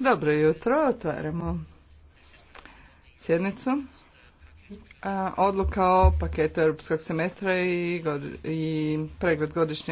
Dobro jutro, otvaramo sjednicu. Odluka o paketu europskog semestra i pregled godišnjeg